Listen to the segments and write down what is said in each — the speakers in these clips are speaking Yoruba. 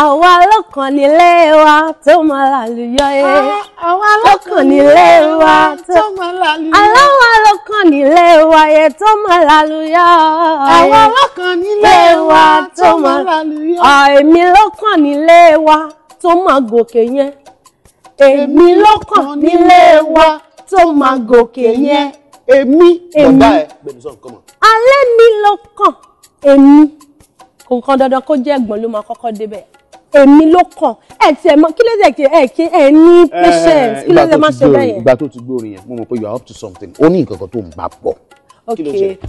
àwa lọ́kàn nílé wa tó máa lálùyọ ẹ. E. Ah, àwa lọ́kàn nílé wa tó máa lálùyọ. E e. àwa lọ́kàn nílé wa yẹ tó máa lálùyọ. àwa lọ́kàn nílé wa tó máa lálùyọ. èmi lọ́kàn nílé wa tó máa gòkè yẹn. èmi lọ́kàn nílé wa tó máa gòkè yẹn. èmi èmi alẹ́ mi lọ́kàn èmi kò nǹkan dandan kó jẹ́ ẹ̀gbọ́n ló máa kọ́kọ́ débẹ̀ èmi ló kàn ẹ ti ẹ mọ kí ló dé kí ẹ kí ẹ ní eh, eh, patience kí ló dé má ṣe bẹ́ẹ̀ yẹn. ìgbà tó ti gbóòrò yẹn mo mọ̀ pé you are up to something ó ní nǹkan kan tó ń bá pọ̀ ok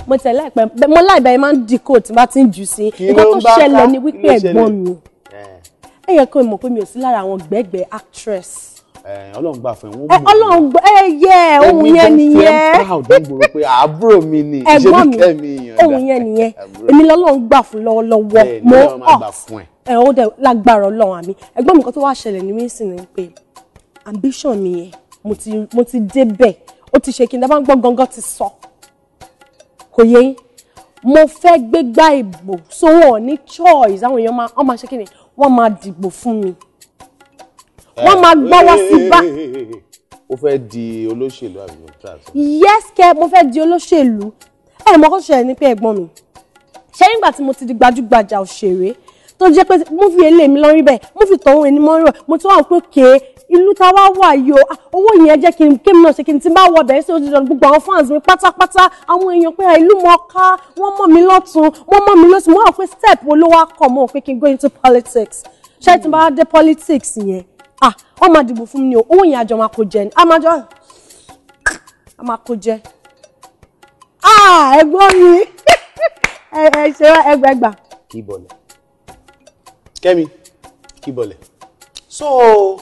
mo tẹ̀lé ẹ̀pẹ́ mo láì bẹ́ẹ̀ máa ń di coat bá ti ń jù sí nǹkan tó ṣẹlẹ̀ ní wípé ẹ̀gbọ́n mi eh. ẹ̀yẹ kó mọ̀ pé mi ò sí lára àwọn gbẹ́gbẹ́ actress. Eh, ọlọ́run gbà fún wọn. Eh, ọlọ́run gbà ẹ eh, yẹ ohun yẹn nìyẹn. ẹ̀gbọ́n mi àbúrò mi ni ẹ̀gbọ́n mi ohun yẹn nìyẹn èmi lọ́lọ́run gbà fún lọ́wọ́lọ́wọ́ mo ọ oh, ẹ ó dẹ lágbára ọlọ́run àmì ẹ̀gbọ́n mi kan tó wá ṣẹlẹ̀ ní wíńsì ni pé ambition mi yẹn mo ti débẹ̀ ó ti ṣe kí n dábàá ń gbọ́ gangan ti sọ kò yẹ yín mo fẹ́ gbégbá ìbò sówọ́n ní choice àwọn èèyàn máa ṣe kí ni wọ́n máa dìbò fún mi wọ́n ah. máa gbọ́wọ́ sí eh, eh, eh, bá. o fẹ́ di olóṣèlú àbí mo try. yes kẹ mo fẹ́ di olóṣèlú ẹ mọ kó ṣẹlẹ̀ ní pé ẹ̀gbọ́n mi ṣe nígbà tí mo ti di gbajúgbajà òṣèré tó jẹ́ pé múfì eléèmí lọ́rí bẹ́ẹ̀ múfì tọ̀hún ẹni mọ́rọ̀ mo ti wà pé kéé ìlú a wá wà yìí o ah, owó yẹn jẹ́ kí n kémi náà ṣe kí n ti bá wọ bẹ̀rẹ̀ sí ojú ìjọba gbogbo àwọn fans mi pátápátá àwọn èèyàn pé ah, ìlú mọ̀ ká wọ́n mọ̀ mí lọ́tún wọ́n mọ̀ mí lọ́tún wọ́n wà pé step wo ló wá kọ̀ mọ́ pé kí n go into politics ṣé tí n bá dé politics yẹn ah wọ́n máa dìbò fún mi ni o owó yẹn àjọ máa kó jẹ ni a máa jọ a máa kó jẹ ah ẹ̀gbọ́n mi ẹ ẹ ṣe ẹgbẹ ẹgbà. kí bọ̀lẹ̀ kẹ́mi kí bọ̀lẹ̀ so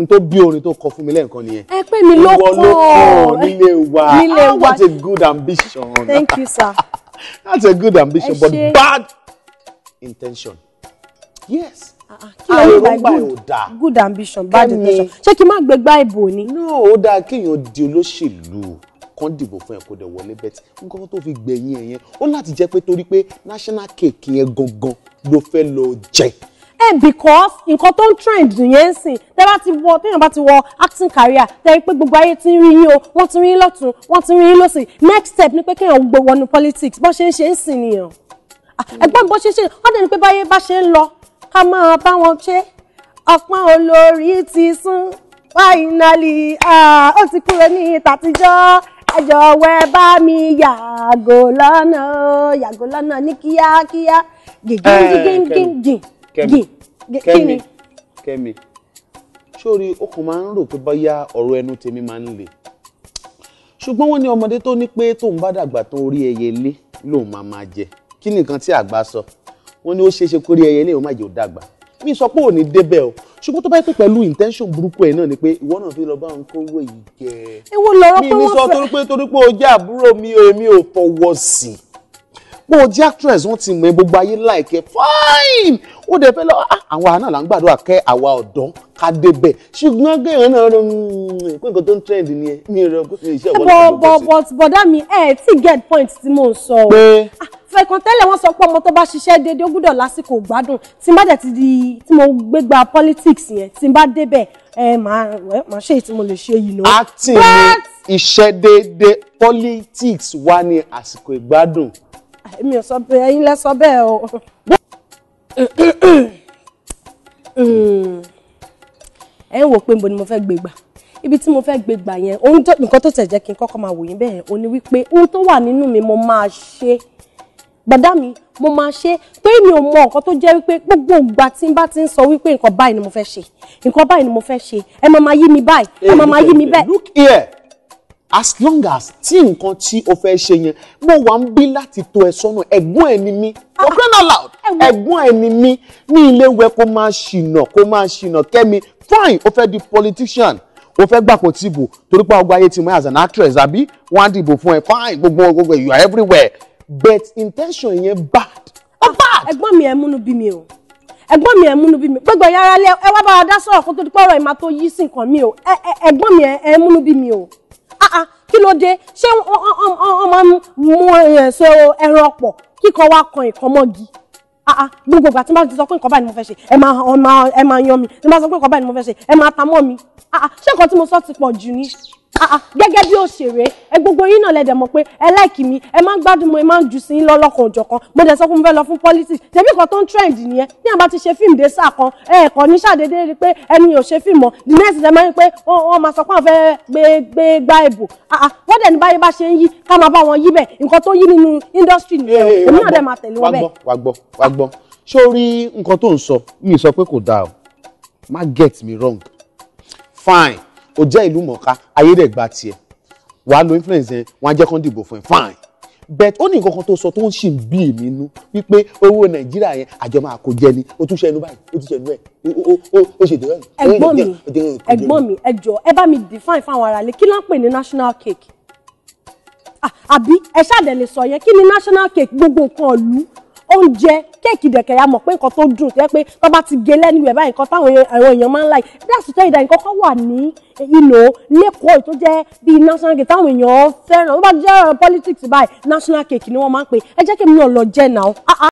n tó bí orin tó kọ fún mi lẹ́ẹ̀kan nìyẹn. ẹ pé mi ló kọ́ ọ nílé wa nílé wa that's a good ambition. thank you sir. that's a good ambition but bad intention yes kí ló ah, ń gbà ẹ̀ good ambition bad ambition. ṣé kí n má gbégbá ìbò ni. no ó dáa kéèyàn di olóṣèlú kan dìbò fún ẹ kó dẹ wọlé bẹ́ẹ̀ tí nǹkan tó fi gbẹ̀yìn ẹ yẹn ó láti jẹ́ pé torí pé national cake yẹn gangan ló fẹ́ lọ jẹ. ẹ eh, because nǹkan tó ń trend nìyẹn ń sìn tẹ bá ti wọ téèyàn bá ti wọ acting career tẹ rí pé gbogbo ayé ti ń rí yín o wọ́n ti rí yín lọ́tún wọ́n ti rí yín lọ́sìn next step ni pé kéèyàn gbowó nu politics bó ṣe ń ṣe ń sìn nìyẹn ah, ẹ̀gbọ́n bó ṣe ń ṣe wọ́n dẹ̀ pé báyé bá ṣe ń lọ a máa bá wọn ṣe ọpọ́n olórí ti sún fáínálì ó ti kúrò ní tàtijọ́ ẹ jọ̀wọ́ ẹ bá mi yàgò lọ́nà yàgò lọ́nà ní kíákíá gìgìngìgìngìn kẹ́mi kẹ́mi sórí ó kàn máa ń rò pé bóyá ọ̀rọ̀ ẹnu tèmi máa ń le ṣùgbọ́n wọ́n ní ọmọdé tó ní pé tóun bá dàgbà tó rí ẹyẹ ilé lòun máa máa jẹ kí nìkan tí àgbà sọ. So wọ́n ní ó ṣeéṣe kórí ẹyẹ ilé ìwọ́n má jẹ́ ó dàgbà mi sọ pé ò ní débẹ̀ o ṣùgbọ́n tó bá yẹ pé pẹ̀lú intention burúkú ẹ̀ náà ni pé ìwọ náà fi lọ bá ń kówó yìí jẹ. ewu lọ̀rọ̀ pé wọ́n fẹ́ mi ní sọ torí pé torí pé o jẹ́ àbúrò mi o èmi ò fọwọ́ sí i pé o jẹ́ actress wọ́n ti mọ̀ ẹ́ gbogbo ayé láìkẹ́ fine ó dẹ̀ fẹ́ lọ ah, ah, àwọn àna là ń gbàdúrà kẹ́ àwa ọ̀dọ́ ká débẹ̀ ṣùgbọ́n gẹ̀yàn náà rẹ pé hmm, nǹkan tó ń trend ni ẹ mi rẹ kó iṣẹ́ ìwọ́n ló ń bọ̀ bọ̀ bọ̀dá mi ẹ ti get point tí mò ń sọ o ah, fẹ̀kàn tẹ́lẹ̀ wọ́n sọ pé ọmọ tó bá ṣiṣẹ́ déédéé ó gbúdọ̀ lásìkò gbádùn tí n bá dẹ̀ ti di tí mo gbégbá politics yẹn tí n bá débẹ̀ ẹ máa ṣe tí mo lè ṣe yìí lọ. acting ni iṣẹ́ déédéé politics wà ní àsìkò ìgbádùn èmi ò sọ bẹ́ẹ̀ ẹ̀yin lẹ sọ bẹ́ẹ̀ o. ẹ ń wò pé níbo ni mo fẹ́ gbé gbà ibi tí mo fẹ́ gbé gbà yẹn ohun tó nǹkan tó tẹ̀ jẹ́ kí n kọ́kọ́ máa wò yín bẹ́ẹ̀ o ní wípé ohun tó wà nínú mi mo máa ṣe gbàdá mi mo máa ṣe pé mi ò mọ nǹkan tó jẹ́ wípé gbogbo ìgbà tí n bá ti ń sọ wípé nǹkan báyìí ni mo fẹ́ ṣe nǹkan báyìí ni mo fẹ́ ṣe ẹ máa máa yí mi báyìí ẹ máa máa yí mi báyìí. look here as long as tí nǹkan tí o fẹ́ ṣe yẹn mo wà ń bí láti tó ẹ sọ́nà ẹ̀gbọ́n ẹ ni for ah, crying out loud ẹ̀gbọ́n ẹ ni mí ní ilé wẹ kó máa ṣìnà kó máa ṣìnà kẹ́mi fine o fẹ́ di politician o fẹ́ gbàpò tìbò torí pé ọgbà ayé ti mọ ẹ as an actress àbí wọ́n á dìbò fún ẹ fine gbogbo gbogbo you are everywhere but intention yẹn bad ah, ó bad. ẹ̀gbọ́n mi ẹ múnú bí mi o ẹ̀gbọ́n mi ẹ múnú bí mi gbogbo yàrá lẹ ẹ wá bá wa dá sọ̀rọ̀ kó tó di pé ọ̀rọ̀ ìmà tó yí sí nǹkan mi o ẹ̀gbọ́n mi ẹ múnú bí mi o ló dé ṣé wọ́n máa ń mú ẹ̀sọ́ eh, ẹran pọ̀ kíkọ wá kan ìkan mọ́gi ah, ah gbogbo ìgbà tí n bá ti sọ pé nǹkan báyìí ni mo fẹ́ ṣe ẹ máa ẹ máa yan mi tí n bá sọ pé nǹkan báyìí ni mo fẹ́ ṣe ẹ máa ta mọ́ mi ah, ah ṣé nǹkan tí mo sọ ti pọ̀ jù ni Ah, ah, gẹ́gẹ́ bí òṣèré ẹ gbogbo yín náà lẹ́dẹ̀ mọ̀ pé ẹ láìkì mi ẹ máa ń gbádùn mo ẹ máa ń ju sí lọ́lọ́kan òjọ̀kan mo dẹ̀ sọ fún mi fẹ́ lọ fún politics tẹ̀bí kan tó ń trend nìyẹn ní àbá ti ṣe fíìmù dé sáà kan ẹ ẹ̀kọ́ ní ṣàdédé rí pé ẹni ò ṣe fíìmù mọ́ the next time máa ń pé wọ́n máa sọ pé àwọn fẹ́ gbé gbé gbá ìbò ah, wọ́n dẹ̀ ní báyé bá ṣe ń yí ká máa bá wọn yí bẹ̀ nǹkan tó yí nínú industry nìyẹn èmi náà dẹ̀ máa tẹ̀lé wọn bẹ́ẹ̀. wàá gbọ́ wàá gbọ́ ṣé o get me wrong fine o jẹ́ ìlú mọ̀ọ́ká ayé dẹ̀ gba tiẹ̀ wàá lo influence yẹn wọ́n á jẹ́ kán dìbò fún ẹ fine bet ó ní nǹkan kan tó sọ tó ń ṣì ń bí èmi nú wípé owó nàìjíríà yẹn àjọ máa kó jẹ ni o tún ṣe ẹnu báyìí o tún ṣe ẹnu ẹ o ṣe ìdúró ẹ. mi ẹ̀gbọ́n mi ẹ ẹ bá mi define fáwọn aráalé kí ló ń pè ní national cake ah, àbí ẹ ṣàdẹ̀ lè sọ yẹn kí ni national cake gbogbo nǹkan ìlú oúnjẹ kéèkì dẹ̀kẹ̀ ya mọ̀ pé nǹkan tó dùn jẹ́ pé tó bá ti gé lẹ́nu ẹ̀ báyìí nǹkan táwọn àwọn èèyàn máa ń láì bí àsìkò ìdá nǹkan kan wà ní eh, ìlò lẹ́kọ̀ọ́ tó jẹ́ bíi national cake táwọn èèyàn fẹ́ràn tó bá jẹ́ eh, politics báyìí national cake ni wọ́n máa ń pè ẹ jẹ́ kí mi náà lọ jẹ́ náà. Ah, ah.